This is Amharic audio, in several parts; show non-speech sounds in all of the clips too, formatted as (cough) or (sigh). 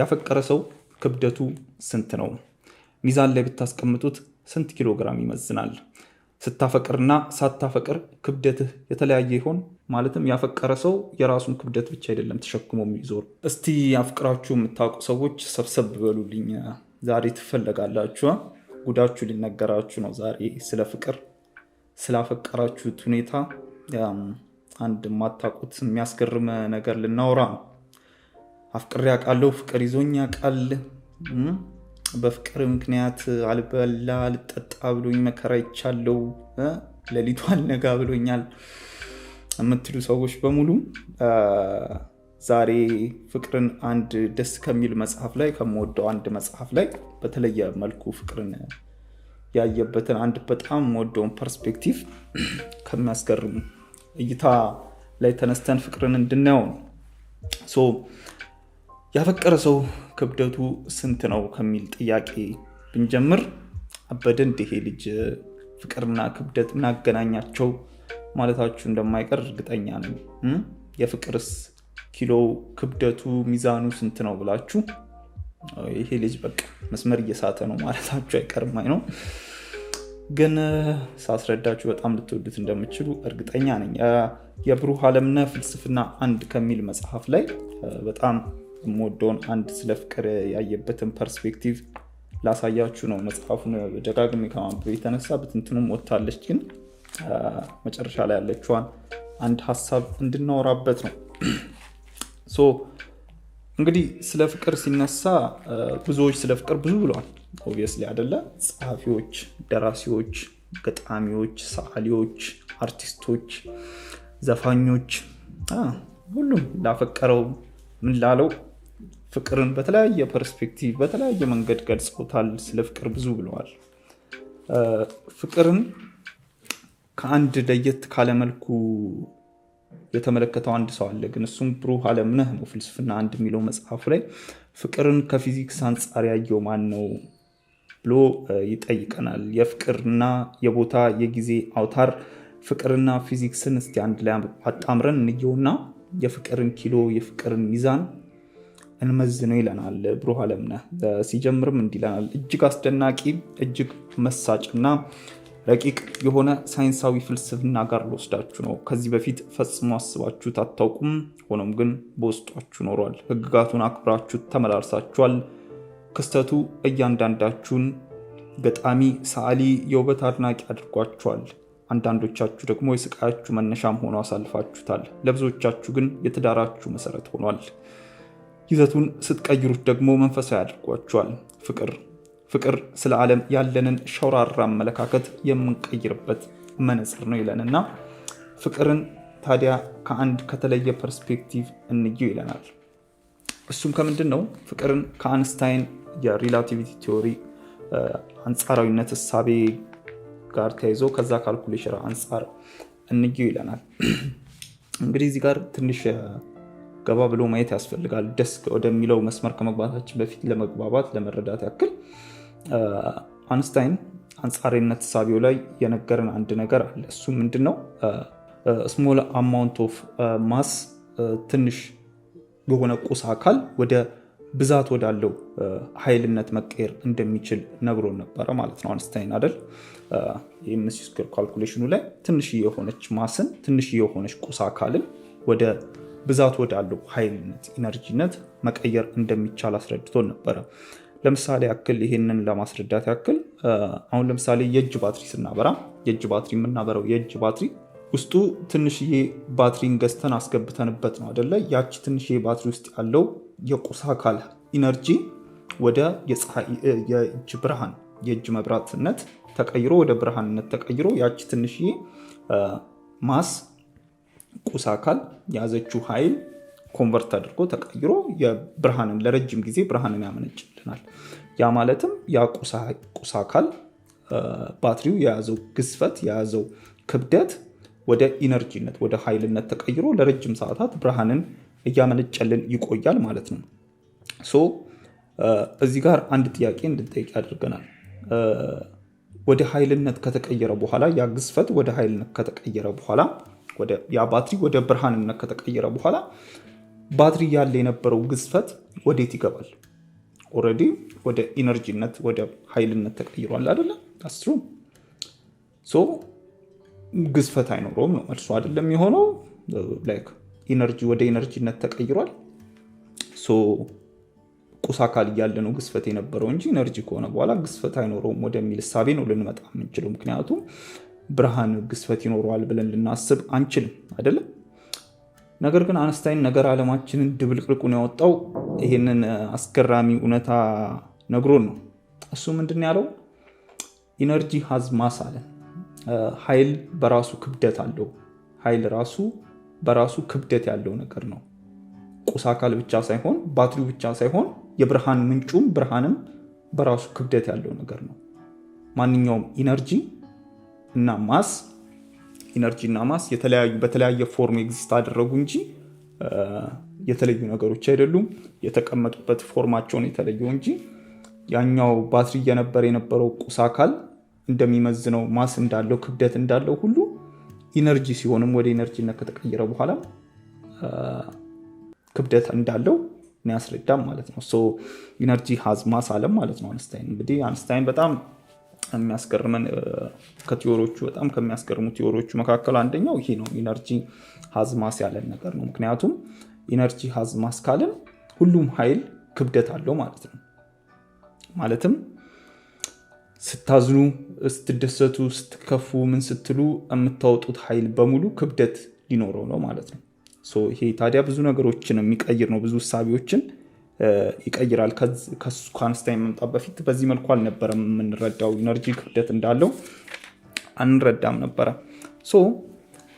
ያፈቀረ ሰው ክብደቱ ስንት ነው? ሚዛን ላይ ብታስቀምጡት ስንት ኪሎ ግራም ይመዝናል? ስታፈቅርና ሳታፈቅር ክብደትህ የተለያየ ይሆን? ማለትም ያፈቀረ ሰው የራሱን ክብደት ብቻ አይደለም ተሸክሞ የሚዞር። እስቲ አፍቅራችሁ የምታውቁ ሰዎች ሰብሰብ በሉልኝ፣ ዛሬ ትፈለጋላችሁ። ጉዳችሁ ሊነገራችሁ ነው። ዛሬ ስለ ፍቅር፣ ስላፈቀራችሁት ሁኔታ አንድ የማታውቁት የሚያስገርም ነገር ልናወራ ነው። አፍቅሬ ያውቃለሁ ፍቅር ይዞኝ ያውቃል። በፍቅር ምክንያት አልበላ አልጠጣ ብሎኝ መከራ ይቻለው ሌሊቱ አልነጋ ብሎኛል የምትሉ ሰዎች በሙሉ ዛሬ ፍቅርን አንድ ደስ ከሚል መጽሐፍ ላይ ከምወደው አንድ መጽሐፍ ላይ በተለየ መልኩ ፍቅርን ያየበትን አንድ በጣም ወደውን ፐርስፔክቲቭ ከሚያስገርም እይታ ላይ ተነስተን ፍቅርን እንድናየው ነው። ያፈቀረ ሰው ክብደቱ ስንት ነው ከሚል ጥያቄ ብንጀምር አበደ እንዲሄ ልጅ ፍቅርና ክብደት እናገናኛቸው ማለታችሁ እንደማይቀር እርግጠኛ ነው። የፍቅርስ ኪሎ ክብደቱ ሚዛኑ ስንት ነው ብላችሁ ይሄ ልጅ በቃ መስመር እየሳተ ነው ማለታችሁ አይቀርም። ነው ግን ሳስረዳችሁ በጣም ልትወዱት እንደምችሉ እርግጠኛ ነኝ። የብሩህ አለምነ ፍልስፍና አንድ ከሚል መጽሐፍ ላይ በጣም የምወደውን አንድ ስለ ፍቅር ያየበትን ፐርስፔክቲቭ ላሳያችሁ ነው። መጽሐፉን ደጋግሚ ከማንበብ የተነሳ ብትንትኑም ወታለች ግን መጨረሻ ላይ ያለችዋን አንድ ሀሳብ እንድናወራበት ነው። እንግዲህ ስለ ፍቅር ሲነሳ ብዙዎች ስለ ፍቅር ብዙ ብለዋል። ኦስ አደለ ጸሐፊዎች፣ ደራሲዎች፣ ገጣሚዎች፣ ሰዓሊዎች፣ አርቲስቶች፣ ዘፋኞች ሁሉም ላፈቀረው ምን ላለው ፍቅርን በተለያየ ፐርስፔክቲቭ በተለያየ መንገድ ገልጸውታል ስለ ፍቅር ብዙ ብለዋል። ፍቅርን ከአንድ ለየት ካለመልኩ የተመለከተው አንድ ሰው አለ፣ ግን እሱም ብሩህ አለምነህ ነው። ፍልስፍና አንድ የሚለው መጽሐፉ ላይ ፍቅርን ከፊዚክስ አንጻር ያየው ማን ነው ብሎ ይጠይቀናል። የፍቅርና የቦታ የጊዜ አውታር ፍቅርና ፊዚክስን እስቲ አንድ ላይ አጣምረን እንየውና የፍቅርን ኪሎ፣ የፍቅርን ሚዛን እንመዝነው ይለናል ብሩህ አለምነ ሲጀምርም እንዲለናል እጅግ አስደናቂ እጅግ መሳጭና ረቂቅ የሆነ ሳይንሳዊ ፍልስፍና ጋር ልወስዳችሁ ነው። ከዚህ በፊት ፈጽሞ አስባችሁት አታውቁም። ሆኖም ግን በውስጧችሁ ኖሯል። ህግጋቱን አክብራችሁ ተመላልሳችኋል። ክስተቱ እያንዳንዳችሁን ገጣሚ፣ ሰዓሊ፣ የውበት አድናቂ አድርጓችኋል። አንዳንዶቻችሁ ደግሞ የስቃያችሁ መነሻም ሆኖ አሳልፋችሁታል። ለብዙዎቻችሁ ግን የትዳራችሁ መሰረት ሆኗል። ይዘቱን ስትቀይሩት ደግሞ መንፈሳዊ አድርጓቸዋል። ፍቅር ፍቅር ስለ ዓለም ያለንን ሸውራራ አመለካከት የምንቀይርበት መነጽር ነው ይለንና ፍቅርን ታዲያ ከአንድ ከተለየ ፐርስፔክቲቭ እንየው ይለናል። እሱም ከምንድን ነው? ፍቅርን ከአንስታይን የሪላቲቪቲ ቲዎሪ አንጻራዊነት እሳቤ ጋር ተያይዞ ከዛ ካልኩሌሽን አንጻር እንየው ይለናል። እንግዲህ እዚህ ጋር ትንሽ ገባ ብሎ ማየት ያስፈልጋል። ደስ ወደሚለው መስመር ከመግባታችን በፊት ለመግባባት ለመረዳት ያክል አንስታይን አንጻሪነት ሳቢው ላይ የነገረን አንድ ነገር አለ። እሱ ምንድን ነው? ስሞል አማውንት ኦፍ ማስ ትንሽ የሆነ ቁስ አካል ወደ ብዛት ወዳለው ኃይልነት መቀየር እንደሚችል ነግሮ ነበረ ማለት ነው አንስታይን አደል? የምስስር ካልኩሌሽኑ ላይ ትንሽ የሆነች ማስን ትንሽ የሆነች ቁስ አካልን ወደ ብዛት ወዳለው ኃይልነት ኢነርጂነት መቀየር እንደሚቻል አስረድቶን ነበረ። ለምሳሌ ያክል ይህንን ለማስረዳት ያክል አሁን ለምሳሌ የእጅ ባትሪ ስናበራ የእጅ ባትሪ የምናበረው የእጅ ባትሪ ውስጡ ትንሽዬ ባትሪን ገዝተን አስገብተንበት ነው አደለ? ያቺ ትንሽዬ ባትሪ ውስጥ ያለው የቁስ አካል ኢነርጂ ወደ የእጅ ብርሃን የእጅ መብራትነት ተቀይሮ ወደ ብርሃንነት ተቀይሮ ያቺ ትንሽዬ ማስ ቁስ አካል የያዘችው ኃይል ኮንቨርት አድርጎ ተቀይሮ የብርሃንን ለረጅም ጊዜ ብርሃንን ያመነጭልናል። ያ ማለትም ያ ቁስ አካል ባትሪው የያዘው ግዝፈት የያዘው ክብደት ወደ ኢነርጂነት ወደ ኃይልነት ተቀይሮ ለረጅም ሰዓታት ብርሃንን እያመነጨልን ይቆያል ማለት ነው። ሶ እዚህ ጋር አንድ ጥያቄ እንድንጠይቅ ያደርገናል። ወደ ኃይልነት ከተቀየረ በኋላ ያ ግዝፈት ወደ ኃይልነት ከተቀየረ በኋላ ያ ባትሪ ወደ ብርሃንነት ከተቀየረ በኋላ ባትሪ ያለ የነበረው ግዝፈት ወዴት ይገባል? ኦረዲ ወደ ኢነርጂነት ወደ ኃይልነት ተቀይሯል አደለ አስትሩ ሶ ግዝፈት አይኖረውም ነው መልሱ። አይደለም የሆነው ላይክ ኢነርጂ ወደ ኢነርጂነት ተቀይሯል። ሶ ቁስ አካል እያለ ነው ግዝፈት የነበረው እንጂ ኢነርጂ ከሆነ በኋላ ግዝፈት አይኖረውም ወደሚል እሳቤ ነው ልንመጣ የምንችለው ምክንያቱም ብርሃን ግዝፈት ይኖረዋል ብለን ልናስብ አንችልም አይደለም። ነገር ግን አነስታይን ነገር ዓለማችንን ድብልቅልቁን ያወጣው ይህንን አስገራሚ እውነታ ነግሮን ነው። እሱ ምንድን ያለው ኢነርጂ ሀዝ ማስ አለን። ኃይል በራሱ ክብደት አለው። ኃይል ራሱ በራሱ ክብደት ያለው ነገር ነው። ቁስ አካል ብቻ ሳይሆን ባትሪው ብቻ ሳይሆን የብርሃን ምንጩም ብርሃንም በራሱ ክብደት ያለው ነገር ነው። ማንኛውም ኢነርጂ እና ማስ ኢነርጂ እና ማስ የተለያዩ በተለያየ ፎርም ኤግዚስት አደረጉ እንጂ የተለዩ ነገሮች አይደሉም። የተቀመጡበት ፎርማቸውን የተለዩ እንጂ ያኛው ባትሪ እየነበረ የነበረው ቁስ አካል እንደሚመዝነው ማስ እንዳለው ክብደት እንዳለው ሁሉ ኢነርጂ ሲሆንም ወደ ኢነርጂነት ከተቀየረ በኋላ ክብደት እንዳለው ያስረዳም ማለት ነው። ኢነርጂ ሀዝ ማስ አለም ማለት ነው አንስታይን። እንግዲህ አንስታይን በጣም ከሚያስገርመን ከቲዎሮቹ በጣም ከሚያስገርሙ ቲዎሮቹ መካከል አንደኛው ይሄ ነው፣ ኢነርጂ ሀዝማስ ያለን ነገር ነው። ምክንያቱም ኢነርጂ ሀዝማስ ካለን ሁሉም ኃይል ክብደት አለው ማለት ነው። ማለትም ስታዝኑ፣ ስትደሰቱ፣ ስትከፉ፣ ምን ስትሉ የምታወጡት ኃይል በሙሉ ክብደት ሊኖረው ነው ማለት ነው። ይሄ ታዲያ ብዙ ነገሮችን የሚቀይር ነው ብዙ እሳቤዎችን ይቀይራል። ከአንስታይን መምጣት በፊት በዚህ መልኩ አልነበረም የምንረዳው። ኢነርጂ ክብደት እንዳለው አንረዳም ነበረ። ሶ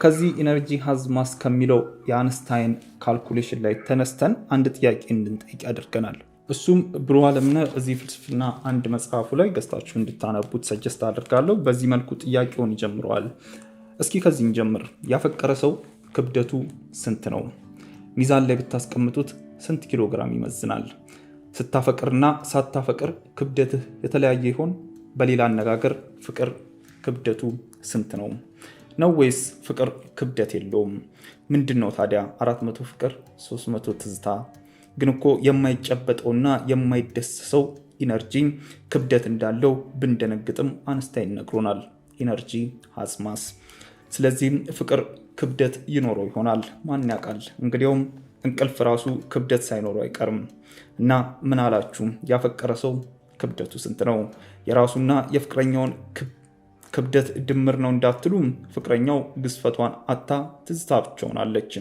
ከዚህ ኢነርጂ ሀዝ ማስ ከሚለው የአንስታይን ካልኩሌሽን ላይ ተነስተን አንድ ጥያቄ እንድንጠይቅ ያደርገናል። እሱም ብሩህ ዓለምነህ እዚህ ፍልስፍና አንድ መጽሐፉ ላይ ገዝታችሁ እንድታነቡት ሰጀስት አድርጋለሁ። በዚህ መልኩ ጥያቄውን ይጀምረዋል። እስኪ ከዚህ እንጀምር። ያፈቀረ ሰው ክብደቱ ስንት ነው? ሚዛን ላይ ብታስቀምጡት ስንት ኪሎ ግራም ይመዝናል? ስታፈቅርና ሳታፈቅር ክብደትህ የተለያየ ይሆን? በሌላ አነጋገር ፍቅር ክብደቱ ስንት ነው ነው ወይስ ፍቅር ክብደት የለውም? ምንድን ነው ታዲያ 400 ፍቅር 300 መቶ ትዝታ? ግን እኮ የማይጨበጠውና የማይደሰሰው ኢነርጂ ክብደት እንዳለው ብንደነግጥም አንስታ ይነግሮናል። ኢነርጂ አጽማስ። ስለዚህም ፍቅር ክብደት ይኖረው ይሆናል ማን ያውቃል? እንግዲያውም እንቅልፍ ራሱ ክብደት ሳይኖረው አይቀርም እና ምን አላችሁ ያፈቀረ ሰው ክብደቱ ስንት ነው? የራሱና የፍቅረኛውን ክብደት ድምር ነው እንዳትሉ፣ ፍቅረኛው ግዝፈቷን አታ ትዝታ ብቻ ሆናለች።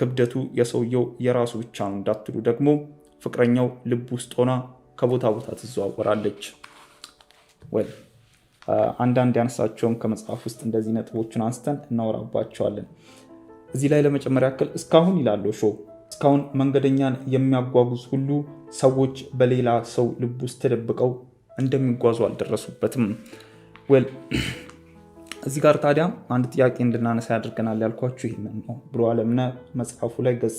ክብደቱ የሰውየው የራሱ ብቻ ነው እንዳትሉ ደግሞ ፍቅረኛው ልብ ውስጥ ሆና ከቦታ ቦታ ትዘዋወራለች። ወይ አንዳንድ ያነሳቸውም ከመጽሐፍ ውስጥ እንደዚህ ነጥቦችን አንስተን እናወራባቸዋለን። እዚህ ላይ ለመጨመሪያ ያክል እስካሁን ይላለው ሾው እስካሁን መንገደኛን የሚያጓጉዝ ሁሉ ሰዎች በሌላ ሰው ልብ ውስጥ ተደብቀው እንደሚጓዙ አልደረሱበትም። ወል (clears throat) እዚህ ጋር ታዲያ አንድ ጥያቄ እንድናነሳ ያደርገናል ያልኳችሁ ይህንን ነው። ብሮ አለምነ መጽሐፉ ላይ ገጽ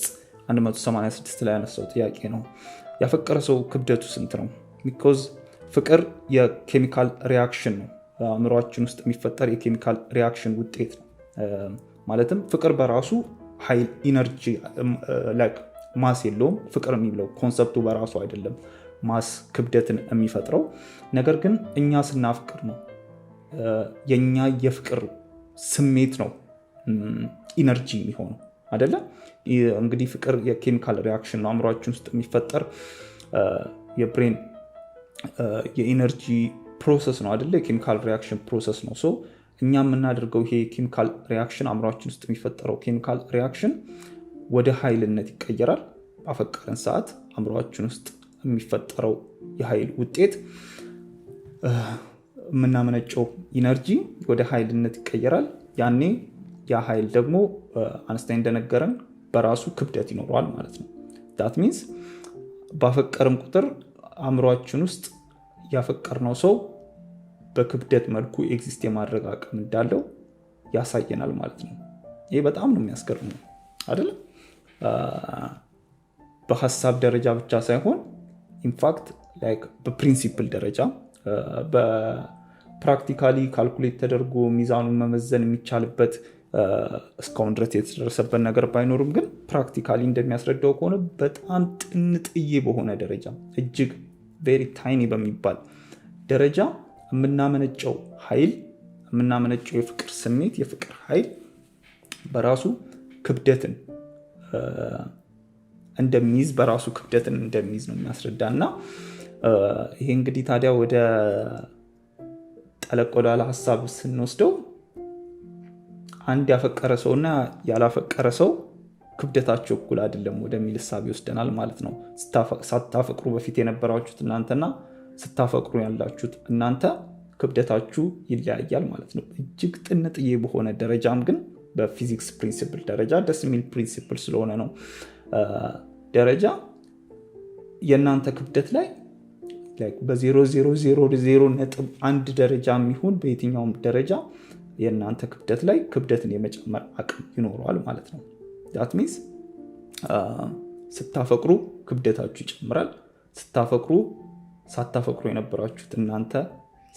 186 ላይ ያነሳው ጥያቄ ነው። ያፈቀረ ሰው ክብደቱ ስንት ነው? ቢኮዝ ፍቅር የኬሚካል ሪያክሽን ነው። በአእምሯችን ውስጥ የሚፈጠር የኬሚካል ሪያክሽን ውጤት ነው። ማለትም ፍቅር በራሱ ኃይል ኢነርጂ ማስ የለውም። ፍቅር የሚለው ኮንሰፕቱ በራሱ አይደለም ማስ ክብደትን የሚፈጥረው ነገር ግን እኛ ስናፍቅር ነው የኛ የፍቅር ስሜት ነው ኢነርጂ የሚሆነው አደለ። እንግዲህ ፍቅር የኬሚካል ሪያክሽን ነው አእምሯችን ውስጥ የሚፈጠር የብሬን የኢነርጂ ፕሮሰስ ነው አደለ። የኬሚካል ሪያክሽን ፕሮሰስ ነው። እኛ የምናደርገው ይሄ ኬሚካል ሪያክሽን አእምሯችን ውስጥ የሚፈጠረው ኬሚካል ሪያክሽን ወደ ኃይልነት ይቀየራል። ባፈቀረን ሰዓት አእምሯችን ውስጥ የሚፈጠረው የኃይል ውጤት የምናመነጨው ኢነርጂ ወደ ኃይልነት ይቀየራል። ያኔ ያ ኃይል ደግሞ አነስታኝ እንደነገረን በራሱ ክብደት ይኖረዋል ማለት ነው። ዳት ሚንስ ባፈቀርም ቁጥር አእምሯችን ውስጥ ያፈቀርነው ሰው በክብደት መልኩ ኤግዚስት የማድረግ አቅም እንዳለው ያሳየናል ማለት ነው። ይህ በጣም ነው የሚያስገርመው አይደለም። በሀሳብ ደረጃ ብቻ ሳይሆን ኢንፋክት በፕሪንሲፕል ደረጃ በፕራክቲካሊ ካልኩሌት ተደርጎ ሚዛኑን መመዘን የሚቻልበት እስካሁን ድረስ የተደረሰበት ነገር ባይኖርም ግን ፕራክቲካሊ እንደሚያስረዳው ከሆነ በጣም ጥንጥዬ በሆነ ደረጃ እጅግ ቬሪ ታይኒ በሚባል ደረጃ የምናመነጨው ኃይል የምናመነጨው የፍቅር ስሜት የፍቅር ኃይል በራሱ ክብደትን እንደሚይዝ በራሱ ክብደትን እንደሚይዝ ነው የሚያስረዳ እና ይሄ እንግዲህ ታዲያ ወደ ጠለቅ ሀሳብ ስንወስደው አንድ ያፈቀረ ሰው እና ያላፈቀረ ሰው ክብደታቸው እኩል አይደለም ወደሚል እሳቤ ይወስደናል ማለት ነው። ሳታፈቅሩ በፊት የነበራችሁት እናንተና ስታፈቅሩ ያላችሁት እናንተ ክብደታችሁ ይለያያል ማለት ነው። እጅግ ጥንጥዬ በሆነ ደረጃም ግን በፊዚክስ ፕሪንሲፕል ደረጃ ደስ የሚል ፕሪንሲፕል ስለሆነ ነው ደረጃ የእናንተ ክብደት ላይ በ ዜሮ አንድ ደረጃ የሚሆን በየትኛውም ደረጃ የእናንተ ክብደት ላይ ክብደትን የመጨመር አቅም ይኖረዋል ማለት ነው። ዳት ሚንስ ስታፈቅሩ ክብደታችሁ ይጨምራል። ስታፈቅሩ ሳታፈቅሩ የነበራችሁት እናንተ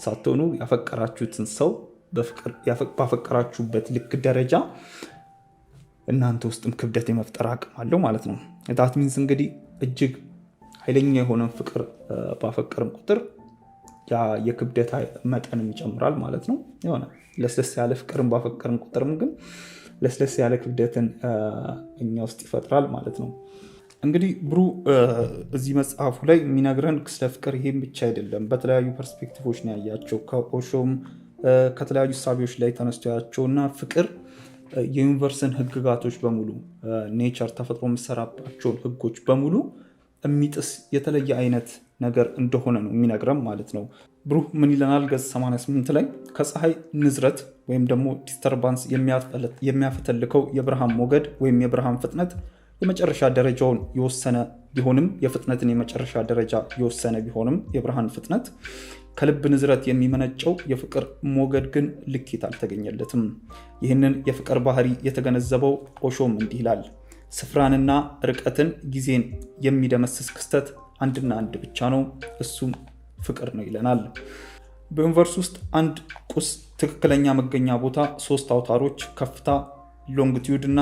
ሳትሆኑ ያፈቀራችሁትን ሰው ባፈቀራችሁበት ልክ ደረጃ እናንተ ውስጥም ክብደት የመፍጠር አቅም አለው ማለት ነው። ዳት ሚንስ እንግዲህ እጅግ ኃይለኛ የሆነን ፍቅር ባፈቀርም ቁጥር ያ የክብደት መጠንም ይጨምራል ማለት ነው። የሆነ ለስለስ ያለ ፍቅርን ባፈቀርም ቁጥርም ግን ለስለስ ያለ ክብደትን እኛ ውስጥ ይፈጥራል ማለት ነው። እንግዲህ ብሩ እዚህ መጽሐፉ ላይ የሚነግረን ስለ ፍቅር ይሄም ብቻ አይደለም። በተለያዩ ፐርስፔክቲቮች ነው ያያቸው ከኦሾም ከተለያዩ ሳቢዎች ላይ ተነስቶ እና ፍቅር የዩኒቨርስን ህግጋቶች በሙሉ ኔቸር ተፈጥሮ የምሰራባቸውን ህጎች በሙሉ የሚጥስ የተለየ አይነት ነገር እንደሆነ ነው የሚነግረም ማለት ነው። ብሩህ ምን ይለናል? ገጽ 88 ላይ ከፀሐይ ንዝረት ወይም ደግሞ ዲስተርባንስ የሚያፈተልከው የብርሃን ሞገድ ወይም የብርሃን ፍጥነት የመጨረሻ ደረጃውን የወሰነ ቢሆንም የፍጥነትን የመጨረሻ ደረጃ የወሰነ ቢሆንም የብርሃን ፍጥነት ከልብ ንዝረት የሚመነጨው የፍቅር ሞገድ ግን ልኬት አልተገኘለትም። ይህንን የፍቅር ባህሪ የተገነዘበው ኦሾም እንዲህ ይላል። ስፍራንና ርቀትን ጊዜን የሚደመስስ ክስተት አንድና አንድ ብቻ ነው፣ እሱም ፍቅር ነው ይለናል። በዩኒቨርስ ውስጥ አንድ ቁስ ትክክለኛ መገኛ ቦታ ሶስት አውታሮች ከፍታ ሎንግቲዩድ እና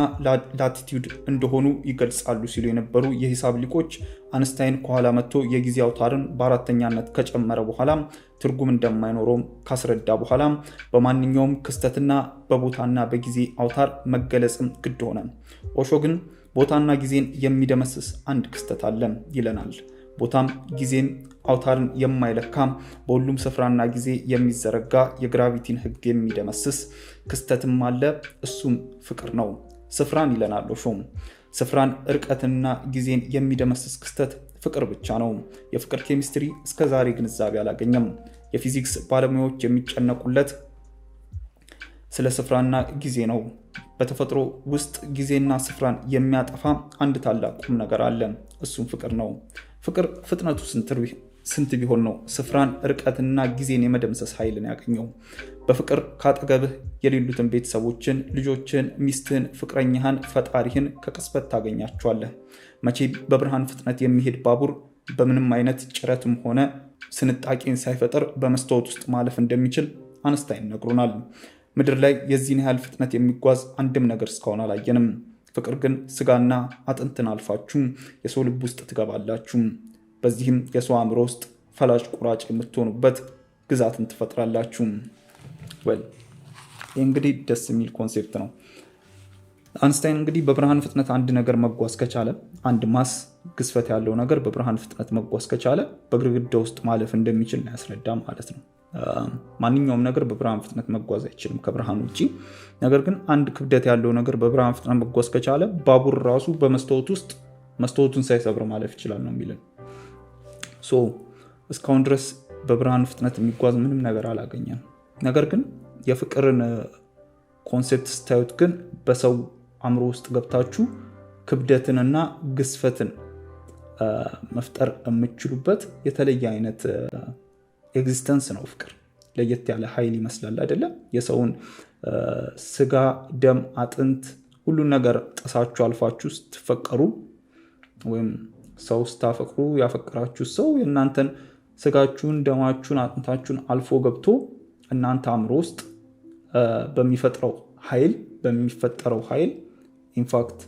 ላቲቲዩድ እንደሆኑ ይገልጻሉ ሲሉ የነበሩ የሂሳብ ሊቆች አንስታይን ከኋላ መጥቶ የጊዜ አውታርን በአራተኛነት ከጨመረ በኋላ ትርጉም እንደማይኖረውም ካስረዳ በኋላ በማንኛውም ክስተትና በቦታና በጊዜ አውታር መገለጽም ግድ ሆነ። ኦሾ ግን ቦታና ጊዜን የሚደመስስ አንድ ክስተት አለ ይለናል። ቦታም ጊዜን አውታርን የማይለካም በሁሉም ስፍራና ጊዜ የሚዘረጋ የግራቪቲን ህግ የሚደመስስ ክስተትም አለ። እሱም ፍቅር ነው። ስፍራን ይለናል ሹም ስፍራን እርቀትና ጊዜን የሚደመስስ ክስተት ፍቅር ብቻ ነው። የፍቅር ኬሚስትሪ እስከዛሬ ግንዛቤ አላገኘም። የፊዚክስ ባለሙያዎች የሚጨነቁለት ስለ ስፍራና ጊዜ ነው። በተፈጥሮ ውስጥ ጊዜና ስፍራን የሚያጠፋ አንድ ታላቅ ቁም ነገር አለ። እሱም ፍቅር ነው። ፍቅር ፍጥነቱ ስንት ስንት ቢሆን ነው ስፍራን ርቀትና ጊዜን የመደምሰስ ኃይልን ያገኘው? በፍቅር ካጠገብህ የሌሉትን ቤተሰቦችን፣ ልጆችን፣ ሚስትህን፣ ፍቅረኛህን፣ ፈጣሪህን ከቅጽበት ታገኛቸዋለህ። መቼ በብርሃን ፍጥነት የሚሄድ ባቡር በምንም አይነት ጭረትም ሆነ ስንጣቂን ሳይፈጥር በመስታወት ውስጥ ማለፍ እንደሚችል አነስታ ነግሮናል። ምድር ላይ የዚህን ያህል ፍጥነት የሚጓዝ አንድም ነገር እስካሁን አላየንም። ፍቅር ግን ስጋና አጥንትን አልፋችሁ የሰው ልብ ውስጥ ትገባላችሁ። በዚህም የሰው አእምሮ ውስጥ ፈላጭ ቁራጭ የምትሆኑበት ግዛትን ትፈጥራላችሁ። ወል ይህ እንግዲህ ደስ የሚል ኮንሴፕት ነው። አንስታይን እንግዲህ በብርሃን ፍጥነት አንድ ነገር መጓዝ ከቻለ አንድ ማስ ግዝፈት ያለው ነገር በብርሃን ፍጥነት መጓዝ ከቻለ በግድግዳ ውስጥ ማለፍ እንደሚችል ያስረዳ ማለት ነው። ማንኛውም ነገር በብርሃን ፍጥነት መጓዝ አይችልም ከብርሃን ውጭ። ነገር ግን አንድ ክብደት ያለው ነገር በብርሃን ፍጥነት መጓዝ ከቻለ ባቡር ራሱ በመስታወት ውስጥ መስታወቱን ሳይሰብር ማለፍ ይችላል ነው የሚልን ሶ እስካሁን ድረስ በብርሃን ፍጥነት የሚጓዝ ምንም ነገር አላገኘም። ነገር ግን የፍቅርን ኮንሴፕት ስታዩት ግን በሰው አእምሮ ውስጥ ገብታችሁ ክብደትንና ግስፈትን መፍጠር የምችሉበት የተለየ አይነት ኤግዚስተንስ ነው። ፍቅር ለየት ያለ ኃይል ይመስላል አይደለም? የሰውን ስጋ፣ ደም፣ አጥንት ሁሉን ነገር ጥሳችሁ አልፋችሁ ስትፈቀሩ ወይም ሰው ስታፈቅሩ ያፈቀራችሁ ሰው የእናንተን ስጋችሁን፣ ደማችሁን፣ አጥንታችሁን አልፎ ገብቶ እናንተ አእምሮ ውስጥ በሚፈጥረው ኃይል በሚፈጠረው ኃይል ኢንፋክት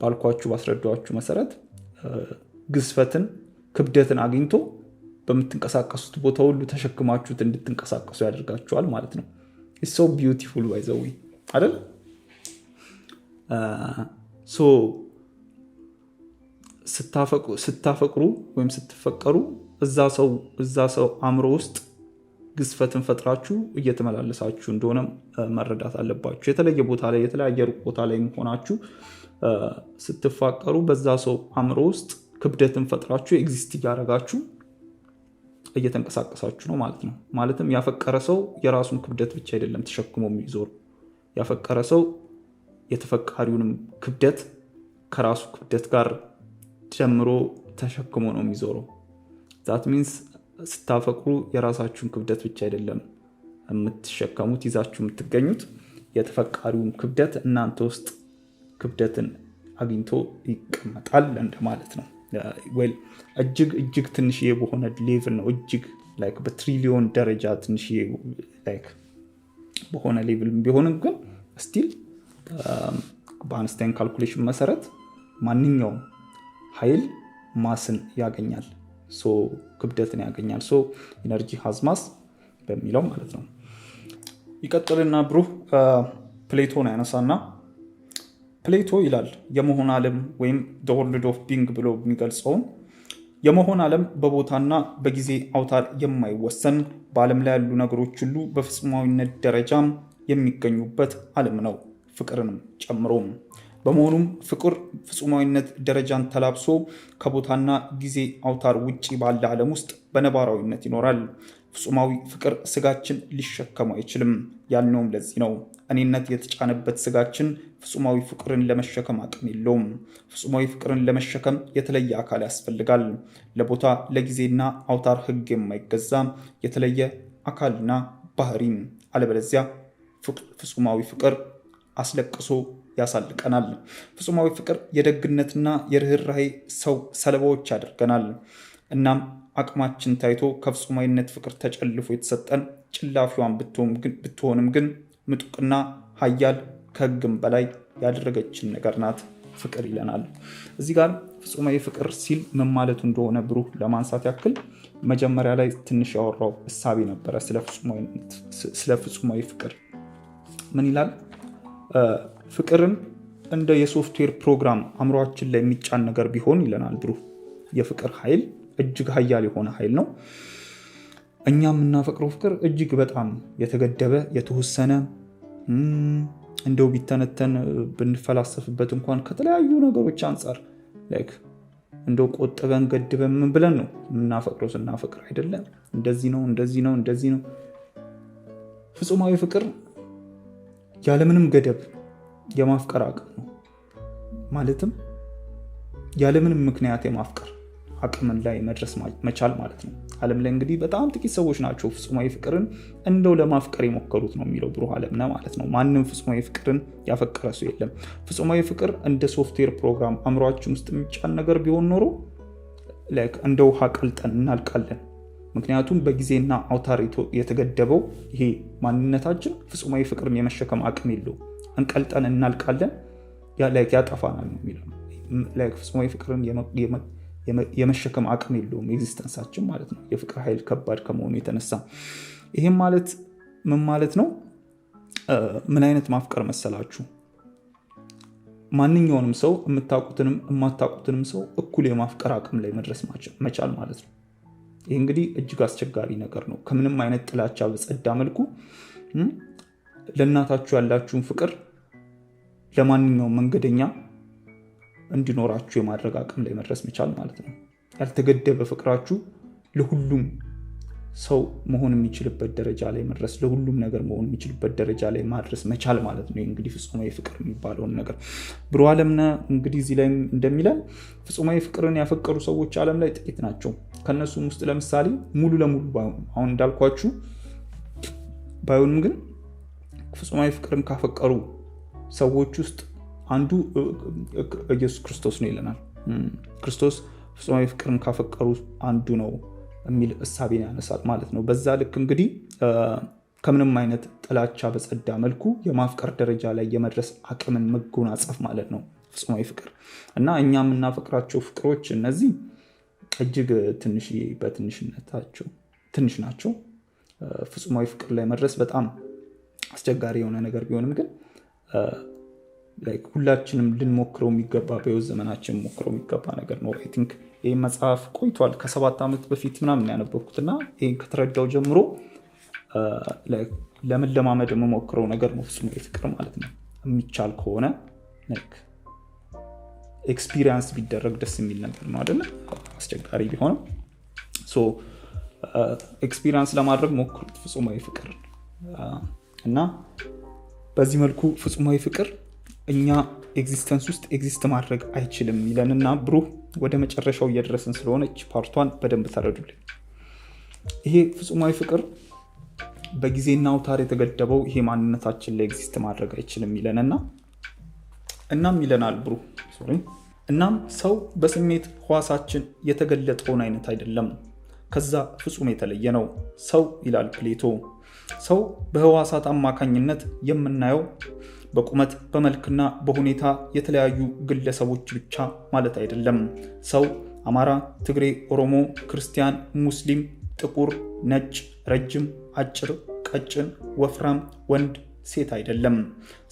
ባልኳችሁ ባስረዳችሁ መሰረት ግዝፈትን ክብደትን አግኝቶ በምትንቀሳቀሱት ቦታ ሁሉ ተሸክማችሁት እንድትንቀሳቀሱ ያደርጋችኋል ማለት ነው። ሶ ቢዩቲፉል ባይ አይደል? ስታፈቅሩ ወይም ስትፈቀሩ እዛ ሰው አእምሮ ውስጥ ግዝፈትን ፈጥራችሁ እየተመላለሳችሁ እንደሆነ መረዳት አለባችሁ። የተለየ ቦታ ላይ የተለያየ ሩቅ ቦታ ላይ መሆናችሁ ስትፋቀሩ በዛ ሰው አእምሮ ውስጥ ክብደትን ፈጥራችሁ ኤግዚስት እያደረጋችሁ እየተንቀሳቀሳችሁ ነው ማለት ነው። ማለትም ያፈቀረ ሰው የራሱን ክብደት ብቻ አይደለም ተሸክሞ የሚዞር ያፈቀረ ሰው የተፈቃሪውንም ክብደት ከራሱ ክብደት ጋር ጀምሮ ተሸክሞ ነው የሚዞረው። ዛት ሚንስ ስታፈቅሩ የራሳችሁን ክብደት ብቻ አይደለም የምትሸከሙት ይዛችሁ የምትገኙት የተፈቃሪውም ክብደት እናንተ ውስጥ ክብደትን አግኝቶ ይቀመጣል እንደማለት ነው። ወይ እጅግ እጅግ ትንሽ በሆነ ሌቭል ነው እጅግ ላይክ በትሪሊዮን ደረጃ ትንሽ ላይክ በሆነ ሌቭል ቢሆንም ግን ስቲል um, በአንስታይን ካልኩሌሽን መሰረት ማንኛውም ኃይል ማስን ያገኛል፣ ክብደትን ያገኛል። ሶ ኢነርጂ ሀዝ በሚለው ማለት ነው። ይቀጥልና ብሩህ ፕሌቶን ያነሳና ፕሌቶ ይላል የመሆን አለም ወይም ዘ ኦፍ ቢንግ ብሎ የሚገልጸውን የመሆን አለም በቦታና በጊዜ አውታር የማይወሰን በዓለም ላይ ያሉ ነገሮች ሁሉ በፍጽማዊነት ደረጃም የሚገኙበት አለም ነው፣ ፍቅርንም ጨምሮም በመሆኑም ፍቅር ፍጹማዊነት ደረጃን ተላብሶ ከቦታና ጊዜ አውታር ውጪ ባለ ዓለም ውስጥ በነባራዊነት ይኖራል። ፍጹማዊ ፍቅር ስጋችን ሊሸከሙ አይችልም ያልነውም ለዚህ ነው። እኔነት የተጫነበት ስጋችን ፍጹማዊ ፍቅርን ለመሸከም አቅም የለውም። ፍጹማዊ ፍቅርን ለመሸከም የተለየ አካል ያስፈልጋል። ለቦታ ለጊዜና አውታር ሕግ የማይገዛ የተለየ አካልና ባህሪ አለበለዚያ ፍጹማዊ ፍቅር አስለቅሶ ያሳልቀናል። ፍጹማዊ ፍቅር የደግነትና የርኅራሄ ሰው ሰለባዎች ያደርገናል። እናም አቅማችን ታይቶ ከፍጹማዊነት ፍቅር ተጨልፎ የተሰጠን ጭላፊዋን ብትሆንም ግን ምጡቅና ኃያል ከሕግም በላይ ያደረገችን ነገር ናት ፍቅር ይለናል። እዚህ ጋር ፍጹማዊ ፍቅር ሲል ምን ማለቱ እንደሆነ ብሩህ ለማንሳት ያክል መጀመሪያ ላይ ትንሽ ያወራው እሳቤ ነበረ ስለ ፍጹማዊ ፍቅር ምን ይላል? ፍቅርን እንደ የሶፍትዌር ፕሮግራም አእምሯችን ላይ የሚጫን ነገር ቢሆን ይለናል ብሩ የፍቅር ኃይል እጅግ ሀያል የሆነ ኃይል ነው። እኛ የምናፈቅረው ፍቅር እጅግ በጣም የተገደበ የተወሰነ እንደው ቢተነተን ብንፈላሰፍበት እንኳን ከተለያዩ ነገሮች አንጻር ላይክ እንደው ቆጥበን ገድበን ምን ብለን ነው የምናፈቅረው? ስናፈቅር አይደለም እንደዚህ ነው እንደዚህ ነው እንደዚህ ነው። ፍጹማዊ ፍቅር ያለምንም ገደብ የማፍቀር አቅም ነው። ማለትም ያለምንም ምክንያት የማፍቀር አቅምን ላይ መድረስ መቻል ማለት ነው። አለም ላይ እንግዲህ በጣም ጥቂት ሰዎች ናቸው ፍጹማዊ ፍቅርን እንደው ለማፍቀር የሞከሩት ነው የሚለው ብሩህ ነ ማለት ነው። ማንም ፍጹማዊ ፍቅርን ያፈቀረ ሰው የለም። ፍጹማዊ ፍቅር እንደ ሶፍትዌር ፕሮግራም አእምሯችን ውስጥ የሚጫን ነገር ቢሆን ኖሮ እንደ ውሃ ቀልጠን እናልቃለን። ምክንያቱም በጊዜና አውታር የተገደበው ይሄ ማንነታችን ፍጹማዊ ፍቅርን የመሸከም አቅም የለውም። እንቀልጠን እናልቃለን፣ ያጠፋናል ነው የሚለው። ፍጽሞ ፍቅርን የመሸከም አቅም የለውም ኤግዚስተንሳችን ማለት ነው። የፍቅር ኃይል ከባድ ከመሆኑ የተነሳ ይህም ማለት ምን ማለት ነው? ምን አይነት ማፍቀር መሰላችሁ? ማንኛውንም ሰው የምታውቁትንም የማታውቁትንም ሰው እኩል የማፍቀር አቅም ላይ መድረስ መቻል ማለት ነው። ይህ እንግዲህ እጅግ አስቸጋሪ ነገር ነው። ከምንም አይነት ጥላቻ በጸዳ መልኩ ለእናታችሁ ያላችሁን ፍቅር ለማንኛውም መንገደኛ እንዲኖራችሁ የማድረግ አቅም ላይ መድረስ መቻል ማለት ነው። ያልተገደበ ፍቅራችሁ ለሁሉም ሰው መሆን የሚችልበት ደረጃ ላይ መድረስ፣ ለሁሉም ነገር መሆን የሚችልበት ደረጃ ላይ ማድረስ መቻል ማለት ነው። እንግዲህ ፍጹማዊ ፍቅር የሚባለውን ነገር ብሩ አለምነ እንግዲህ እዚህ ላይ እንደሚለን ፍጹማዊ ፍቅርን ያፈቀሩ ሰዎች አለም ላይ ጥቂት ናቸው። ከእነሱም ውስጥ ለምሳሌ ሙሉ ለሙሉ አሁን እንዳልኳችሁ ባይሆንም ግን ፍጹማዊ ፍቅርን ካፈቀሩ ሰዎች ውስጥ አንዱ ኢየሱስ ክርስቶስ ነው ይለናል። ክርስቶስ ፍጹማዊ ፍቅርን ካፈቀሩ አንዱ ነው የሚል እሳቤን ያነሳል ማለት ነው። በዛ ልክ እንግዲህ ከምንም አይነት ጥላቻ በጸዳ መልኩ የማፍቀር ደረጃ ላይ የመድረስ አቅምን መጎናጸፍ ማለት ነው ፍጹማዊ ፍቅር እና እኛ የምናፈቅራቸው ፍቅሮች እነዚህ እጅግ ትንሽ በትንሽነታቸው ትንሽ ናቸው። ፍጹማዊ ፍቅር ላይ መድረስ በጣም አስቸጋሪ የሆነ ነገር ቢሆንም ግን ሁላችንም ልንሞክረው የሚገባ በሕይወት ዘመናችን ሞክረው የሚገባ ነገር ነው። አይ ቲንክ ይህ መጽሐፍ ቆይቷል ከሰባት ዓመት በፊት ምናምን ያነበብኩትና ይህን ከተረዳው ጀምሮ ለማመድ የምሞክረው ነገር ነው። ፍጹም ፍቅር ማለት ነው። የሚቻል ከሆነ ኤክስፒሪንስ ቢደረግ ደስ የሚል ነገር ነው አስቸጋሪ ቢሆንም ኤክስፒሪንስ ለማድረግ ሞክሩት። ፍጹማዊ ፍቅር እና በዚህ መልኩ ፍጹማዊ ፍቅር እኛ ኤግዚስተንስ ውስጥ ኤግዚስት ማድረግ አይችልም ይለንና ብሩህ ወደ መጨረሻው እየደረስን ስለሆነች ፓርቷን በደንብ ተረዱልኝ። ይሄ ፍጹማዊ ፍቅር በጊዜና አውታር የተገደበው ይሄ ማንነታችን ላይ ማድረግ አይችልም ይለንና እናም ይለናል ብሩ እናም ሰው በስሜት ህዋሳችን የተገለጠውን አይነት አይደለም፣ ከዛ ፍጹም የተለየ ነው ሰው ይላል ፕሌቶ። ሰው በህዋሳት አማካኝነት የምናየው በቁመት በመልክና በሁኔታ የተለያዩ ግለሰቦች ብቻ ማለት አይደለም። ሰው አማራ፣ ትግሬ፣ ኦሮሞ፣ ክርስቲያን፣ ሙስሊም፣ ጥቁር፣ ነጭ፣ ረጅም፣ አጭር፣ ቀጭን፣ ወፍራም፣ ወንድ፣ ሴት አይደለም።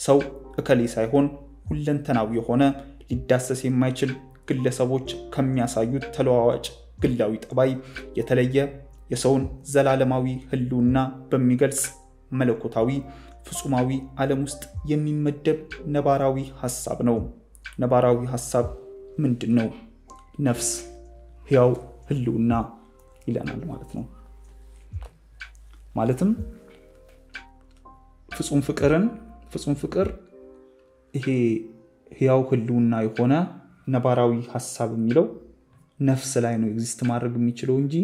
ሰው እከሌ ሳይሆን ሁለንተናዊ የሆነ ሊዳሰስ የማይችል ግለሰቦች ከሚያሳዩት ተለዋዋጭ ግላዊ ጠባይ የተለየ የሰውን ዘላለማዊ ህልውና በሚገልጽ መለኮታዊ ፍጹማዊ ዓለም ውስጥ የሚመደብ ነባራዊ ሐሳብ ነው። ነባራዊ ሐሳብ ምንድን ነው? ነፍስ፣ ሕያው ህልውና ይለናል ማለት ነው። ማለትም ፍጹም ፍቅርን ፍጹም ፍቅር ይሄ ሕያው ህልውና የሆነ ነባራዊ ሐሳብ የሚለው ነፍስ ላይ ነው ኤግዚስት ማድረግ የሚችለው እንጂ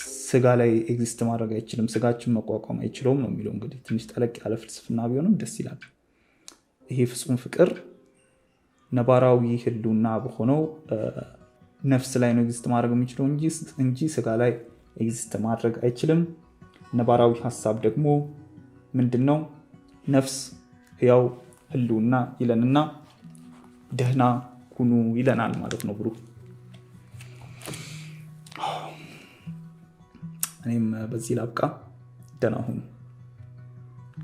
ስጋ ላይ ኤግዚስት ማድረግ አይችልም፣ ስጋችን መቋቋም አይችለውም ነው የሚለው። እንግዲህ ትንሽ ጠለቅ ያለ ፍልስፍና ቢሆንም ደስ ይላል። ይሄ ፍጹም ፍቅር ነባራዊ ህልውና በሆነው ነፍስ ላይ ነው ኤግዚስት ማድረግ የሚችለው እንጂ ስጋ ላይ ኤግዚስት ማድረግ አይችልም። ነባራዊ ሀሳብ ደግሞ ምንድን ነው? ነፍስ ህያው ህልውና ይለንና ደህና ሁኑ ይለናል ማለት ነው ብሩህ እኔም በዚህ ላብቃ። ደህና